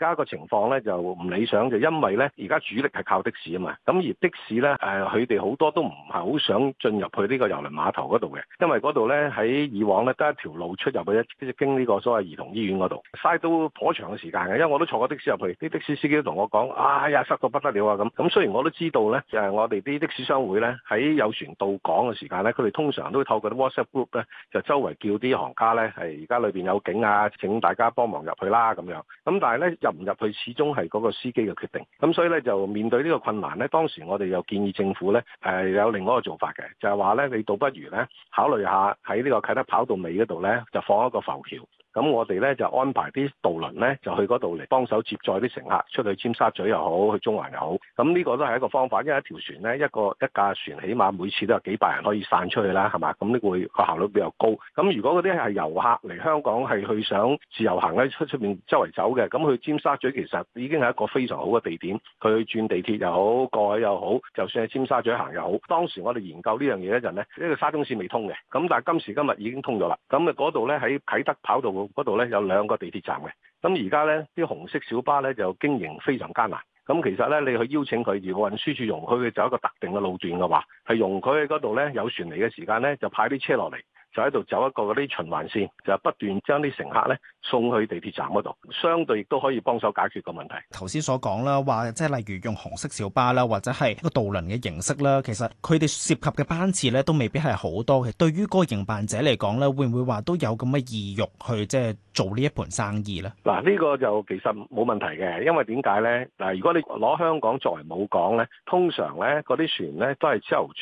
而家個情況咧就唔理想，就因為咧而家主力係靠的士啊嘛，咁而的士咧誒，佢哋好多都唔係好想進入去呢個郵輪碼頭嗰度嘅，因為嗰度咧喺以往咧得一條路出入去，一經呢個所謂兒童醫院嗰度，嘥到頗長嘅時間嘅。因為我都坐過的士入去，啲的士司機都同我講，哎呀，塞到不得了啊！咁咁雖然我都知道咧，就、呃、係我哋啲的、的士商會咧，喺有船到港嘅時間咧，佢哋通常都會透過啲 WhatsApp group 咧，就周圍叫啲行家咧係而家裏邊有警啊，請大家幫忙入去啦咁樣。咁但係咧投入去始終係嗰個司機嘅決定。咁所以咧，就面對呢個困難咧，當時我哋又建議政府咧，誒、呃、有另外一個做法嘅，就係話咧，你倒不如咧，考慮下喺、這個、呢個啟德跑道尾嗰度咧，就放一個浮橋。咁我哋咧就安排啲渡輪咧，就去嗰度嚟幫手接載啲乘客出去尖沙咀又好，去中環又好。咁呢個都係一個方法，因為一條船咧，一個一架船，起碼每次都有幾百人可以散出去啦，係嘛？咁呢個會個效率比較高。咁如果嗰啲係遊客嚟香港係去想自由行咧，出出邊周圍走嘅，咁去尖沙咀其實已經係一個非常好嘅地點。佢轉地鐵又好，過去又好，就算係尖沙咀行又好。當時我哋研究呢樣嘢一陣咧，呢個沙中線未通嘅，咁但係今時今日已經通咗啦。咁啊嗰度咧喺啟德跑道，嗰度咧有兩個地鐵站嘅，咁而家咧啲紅色小巴咧就經營非常艱難，咁其實咧你去邀請佢，如果運輸處容許佢走一個特定嘅路段嘅話，係容佢喺嗰度咧有船嚟嘅時間咧，就派啲車落嚟。就喺度走一個嗰啲循環線，就不斷將啲乘客咧送去地鐵站嗰度，相對亦都可以幫手解決個問題。頭先所講啦，話即係例如用紅色小巴啦，或者係一個渡輪嘅形式啦，其實佢哋涉及嘅班次咧都未必係好多嘅。對於個營辦者嚟講咧，會唔會話都有咁嘅意欲去即係做呢一盤生意咧？嗱，呢個就其實冇問題嘅，因為點解咧？嗱，如果你攞香港作為母港咧，通常咧嗰啲船咧都係朝頭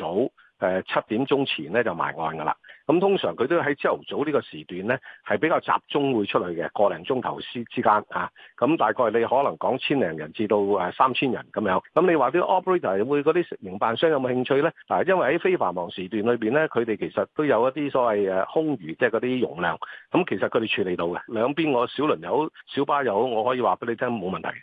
早誒七點鐘前咧就埋岸㗎喇。咁通常佢都喺朝頭早呢個時段呢，係比較集中會出去嘅，個零鐘頭之之間啊。咁、嗯、大概你可能講千零人至到誒、啊、三千人咁樣。咁、啊嗯、你話啲 operator 會嗰啲營辦商有冇興趣呢？啊，因為喺非繁忙時段裏邊呢，佢哋其實都有一啲所謂誒空餘，即係嗰啲容量。咁、嗯、其實佢哋處理到嘅，兩邊我小輪又好，小巴又好，我可以話俾你聽冇問題。